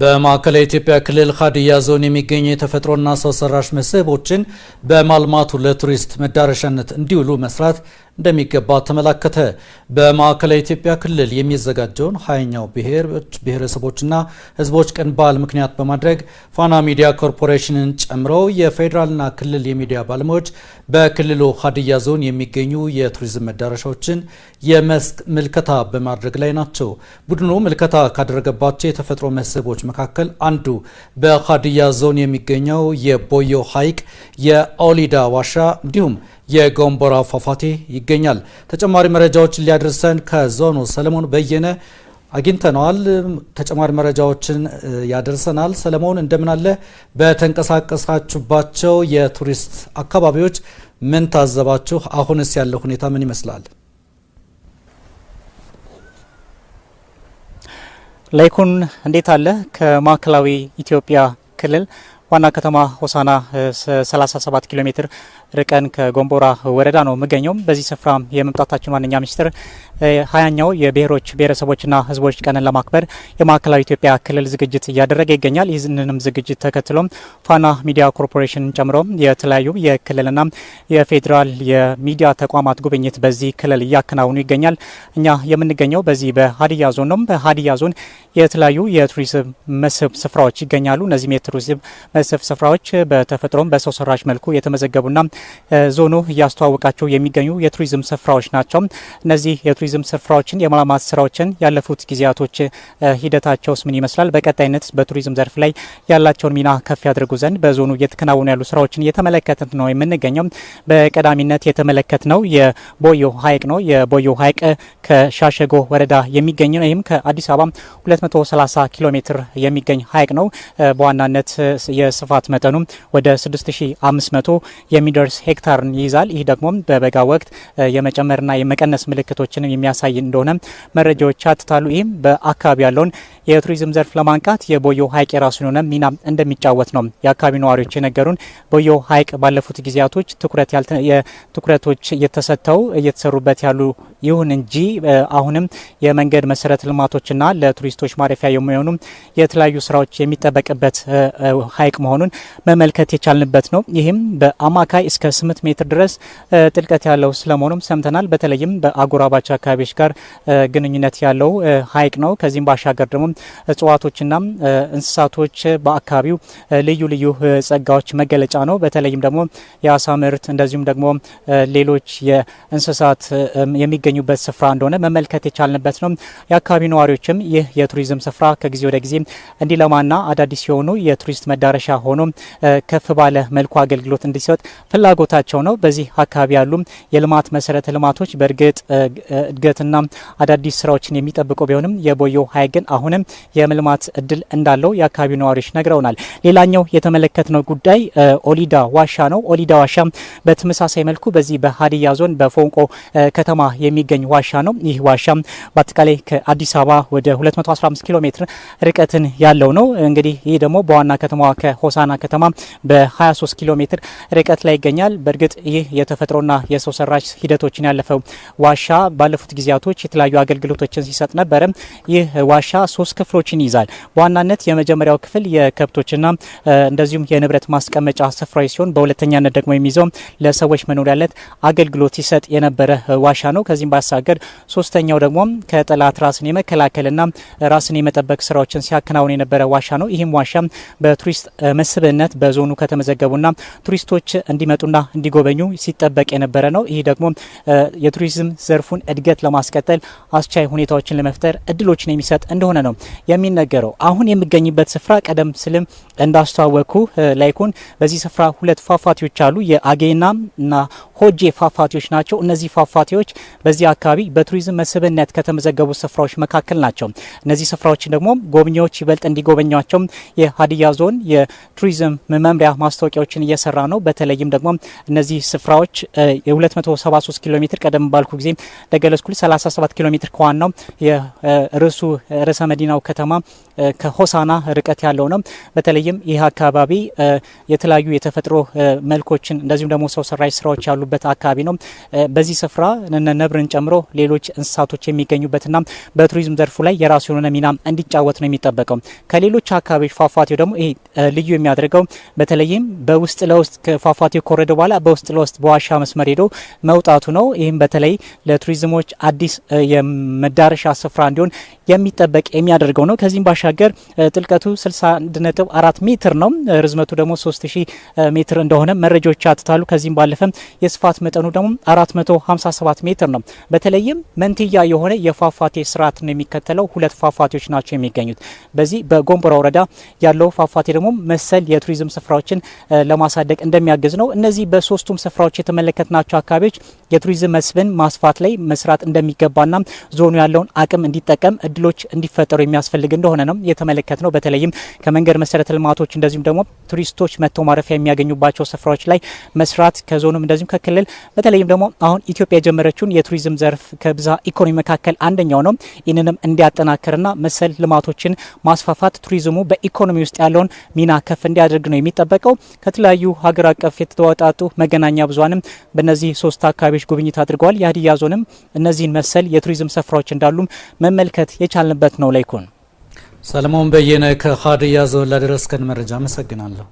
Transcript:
በማዕከላዊ ኢትዮጵያ ክልል ሀዲያ ዞን የሚገኙ የተፈጥሮና ሰው ሰራሽ መስህቦችን በማልማቱ ለቱሪስት መዳረሻነት እንዲውሉ መስራት እንደሚገባ ተመላከተ። በማዕከላዊ ኢትዮጵያ ክልል የሚዘጋጀውን ሀያኛው ብሔሮች ብሔረሰቦችና ሕዝቦች ቀን በዓል ምክንያት በማድረግ ፋና ሚዲያ ኮርፖሬሽንን ጨምሮ የፌዴራልና ክልል የሚዲያ ባለሙያዎች በክልሉ ሀዲያ ዞን የሚገኙ የቱሪዝም መዳረሻዎችን የመስክ ምልከታ በማድረግ ላይ ናቸው። ቡድኑ ምልከታ ካደረገባቸው የተፈጥሮ መስህቦች መካከል አንዱ በሀዲያ ዞን የሚገኘው የቦዮ ሐይቅ፣ የኦሊዳ ዋሻ እንዲሁም የጎንቦራ ፏፏቴ ይገኛል። ተጨማሪ መረጃዎችን ሊያደርሰን ከዞኑ ሰለሞን በየነ አግኝተነዋል። ተጨማሪ መረጃዎችን ያደርሰናል። ሰለሞን እንደምን አለ? በተንቀሳቀሳችሁባቸው የቱሪስት አካባቢዎች ምን ታዘባችሁ? አሁንስ ያለው ሁኔታ ምን ይመስላል? ላይኩን እንዴት አለ? ከማዕከላዊ ኢትዮጵያ ክልል ዋና ከተማ ሆሳና 37 ኪሎ ሜትር ርቀን ከጎንቦራ ወረዳ ነው የምገኘውም። በዚህ ስፍራ የመምጣታችን ዋነኛ ሚስጥር ሀያኛው የብሔሮች ብሔረሰቦችና ህዝቦች ቀንን ለማክበር የማዕከላዊ ኢትዮጵያ ክልል ዝግጅት እያደረገ ይገኛል። ይህንንም ዝግጅት ተከትሎም ፋና ሚዲያ ኮርፖሬሽንን ጨምሮ የተለያዩ የክልልና የፌዴራል የሚዲያ ተቋማት ጉብኝት በዚህ ክልል እያከናወኑ ይገኛል። እኛ የምንገኘው በዚህ በሀዲያ ዞን ነው። በሀዲያ ዞን የተለያዩ የቱሪዝም መስህብ ስፍራዎች ይገኛሉ። እነዚህም የቱሪዝም መስህብ ስፍራዎች በተፈጥሮም በሰው ሰራሽ መልኩ የተመዘገቡና ዞኑ እያስተዋወቃቸው የሚገኙ የቱሪዝም ስፍራዎች ናቸው። እነዚህ የቱሪዝም ስፍራዎችን የማልማት ስራዎችን ያለፉት ጊዜያቶች ሂደታቸውስ ምን ይመስላል? በቀጣይነት በቱሪዝም ዘርፍ ላይ ያላቸውን ሚና ከፍ ያደርጉ ዘንድ በዞኑ እየተከናወኑ ያሉ ስራዎችን እየተመለከትን ነው የምንገኘው። በቀዳሚነት የተመለከት ነው የቦዮ ሀይቅ ነው። የቦዮ ሀይቅ ከሻሸጎ ወረዳ የሚገኝ ነው። ይህም ከአዲስ አበባ 230 ኪሎ ሜትር የሚገኝ ሀይቅ ነው። በዋናነት የስፋት መጠኑ ወደ 6500 የሚደርስ ሄክታርን ይይዛል። ይህ ደግሞ በበጋ ወቅት የመጨመርና የመቀነስ ምልክቶችን የሚያሳይ እንደሆነ መረጃዎች ያትታሉ። ይህም በአካባቢ ያለውን የቱሪዝም ዘርፍ ለማንቃት የቦዮ ሐይቅ የራሱን የሆነ ሚና እንደሚጫወት ነው የአካባቢ ነዋሪዎች የነገሩን። ቦዮ ሐይቅ ባለፉት ጊዜያቶች ትኩረቶች እየተሰጥተው እየተሰሩበት ያሉ ይሁን እንጂ አሁንም የመንገድ መሰረተ ልማቶችና ለቱሪስቶች ማረፊያ የሚሆኑ የተለያዩ ስራዎች የሚጠበቅበት ሐይቅ መሆኑን መመልከት የቻልንበት ነው። ይህም በአማካይ እስከ ስምንት ሜትር ድረስ ጥልቀት ያለው ስለመሆኑም ሰምተናል። በተለይም በአጎራባቸው አካባቢዎች ጋር ግንኙነት ያለው ሐይቅ ነው። ከዚህም ባሻገር ደግሞ እጽዋቶችና እንስሳቶች በአካባቢው ልዩ ልዩ ጸጋዎች መገለጫ ነው። በተለይም ደግሞ የአሳ ምርት እንደዚሁም ደግሞ ሌሎች የእንስሳት የሚገኙበት ስፍራ እንደሆነ መመልከት የቻልንበት ነው። የአካባቢው ነዋሪዎችም ይህ የቱሪዝም ስፍራ ከጊዜ ወደ ጊዜ እንዲለማና አዳዲስ የሆኑ የቱሪስት መዳረሻ ሆኖ ከፍ ባለ መልኩ አገልግሎት እንዲሰጥ ፍላጎታቸው ነው። በዚህ አካባቢ ያሉ የልማት መሰረተ ልማቶች በእርግጥ እድገትና አዳዲስ ስራዎችን የሚጠብቁ ቢሆንም የቦዮ ሀይቅ ግን አሁንም የመልማት እድል እንዳለው የአካባቢው ነዋሪዎች ነግረውናል። ሌላኛው የተመለከትነው ጉዳይ ኦሊዳ ዋሻ ነው። ኦሊዳ ዋሻ በተመሳሳይ መልኩ በዚህ በሀዲያ ዞን በፎንቆ ከተማ የሚገኝ ዋሻ ነው። ይህ ዋሻ በአጠቃላይ ከአዲስ አበባ ወደ 215 ኪሎ ሜትር ርቀትን ያለው ነው። እንግዲህ ይህ ደግሞ በዋና ከተማዋ ከሆሳና ከተማ በ23 ኪሎ ሜትር ርቀት ላይ ይገኛል። በእርግጥ ይህ የተፈጥሮና የሰው ሰራሽ ሂደቶችን ያለፈው ዋሻ ባለፉት ጊዜያቶች የተለያዩ አገልግሎቶችን ሲሰጥ ነበረ። ይህ ዋሻ ሶስት ክፍሎችን ይይዛል። በዋናነት የመጀመሪያው ክፍል የከብቶችና እንደዚሁም የንብረት ማስቀመጫ ስፍራዊ ሲሆን በሁለተኛነት ደግሞ የሚይዘው ለሰዎች መኖሪያነት አገልግሎት ሲሰጥ የነበረ ዋሻ ነው። ከዚህም ባሻገር ሶስተኛው ደግሞ ከጠላት ራስን የመከላከልና ራስን የመጠበቅ ስራዎችን ሲያከናውን የነበረ ዋሻ ነው። ይህም ዋሻ በቱሪስት መስህብነት በዞኑ ከተመዘገቡና ቱሪስቶች እንዲመጡና እንዲጎበኙ ሲጠበቅ የነበረ ነው። ይህ ደግሞ የቱሪዝም ዘርፉን እድገት ለማስቀጠል አስቻይ ሁኔታዎችን ለመፍጠር እድሎችን የሚሰጥ እንደሆነ ነው የሚነገረው። አሁን የምገኝበት ስፍራ ቀደም ስልም እንዳስተዋወቅኩ ላይኩን በዚህ ስፍራ ሁለት ፏፏቴዎች አሉ፣ የአጌና እና ሆጄ ፏፏቴዎች ናቸው። እነዚህ ፏፏቴዎች በዚህ አካባቢ በቱሪዝም መስህብነት ከተመዘገቡ ስፍራዎች መካከል ናቸው። እነዚህ ስፍራዎችን ደግሞ ጎብኚዎች ይበልጥ እንዲጎበኟቸው የሀዲያ ዞን የቱሪዝም መምሪያ ማስታወቂያዎችን እየሰራ ነው። በተለይም ደግሞ እነዚህ ስፍራዎች የ273 ኪሎ ሜትር ቀደም ባልኩ ጊዜ ለገለጽኩ 37 ኪሎ ሜትር ከዋናው የርዕሱ ርዕሰ መዲናው ከተማ ከሆሳና ርቀት ያለው ነው። በተለይም ይህ አካባቢ የተለያዩ የተፈጥሮ መልኮችን እንደዚሁም ደግሞ ሰው ሰራሽ ስራዎች ያሉ የሚኖሩበት አካባቢ ነው። በዚህ ስፍራ ነብርን ጨምሮ ሌሎች እንስሳቶች የሚገኙበትና በቱሪዝም ዘርፉ ላይ የራሱ የሆነ ሚና እንዲጫወት ነው የሚጠበቀው። ከሌሎች አካባቢዎች ፏፏቴው ደግሞ ይሄ ልዩ የሚያደርገው በተለይም በውስጥ ለውስጥ ከፏፏቴው ከወረደ በኋላ በውስጥ ለውስጥ በዋሻ መስመር ሄዶ መውጣቱ ነው። ይህም በተለይ ለቱሪዝሞች አዲስ የመዳረሻ ስፍራ እንዲሆን የሚጠበቅ የሚያደርገው ነው። ከዚህም ባሻገር ጥልቀቱ 61.4 ሜትር ነው። ርዝመቱ ደግሞ 3000 ሜትር እንደሆነ መረጃዎች አትታሉ። ከዚህም ባለፈም የስፋት መጠኑ ደግሞ 457 ሜትር ነው። በተለይም መንትያ የሆነ የፏፏቴ ስርዓት ነው የሚከተለው። ሁለት ፏፏቴዎች ናቸው የሚገኙት። በዚህ በጎንቦራ ወረዳ ያለው ፏፏቴ ደግሞ መሰል የቱሪዝም ስፍራዎችን ለማሳደግ እንደሚያግዝ ነው። እነዚህ በሶስቱም ስፍራዎች የተመለከትናቸው አካባቢዎች የቱሪዝም መስህብን ማስፋት ላይ መስራት እንደሚገባና ዞኑ ያለውን አቅም እንዲጠቀም እድሎች እንዲፈጠሩ የሚያስፈልግ እንደሆነ ነው የተመለከት ነው። በተለይም ከመንገድ መሰረተ ልማቶች እንደዚሁም ደግሞ ቱሪስቶች መጥተው ማረፊያ የሚያገኙባቸው ስፍራዎች ላይ መስራት ከዞኑም እንደዚሁም ክልል በተለይም ደግሞ አሁን ኢትዮጵያ የጀመረችውን የቱሪዝም ዘርፍ ከብዛ ኢኮኖሚ መካከል አንደኛው ነው። ይህንንም እንዲያጠናክርና መሰል ልማቶችን ማስፋፋት ቱሪዝሙ በኢኮኖሚ ውስጥ ያለውን ሚና ከፍ እንዲያደርግ ነው የሚጠበቀው። ከተለያዩ ሀገር አቀፍ የተወጣጡ መገናኛ ብዙሃንም በእነዚህ ሶስት አካባቢዎች ጉብኝት አድርገዋል። የሀዲያ ዞንም እነዚህን መሰል የቱሪዝም ስፍራዎች እንዳሉም መመልከት የቻልንበት ነው። ላይኩን ሰለሞን በየነ ከሀዲያ ዞን ላደረስከን መረጃ አመሰግናለሁ።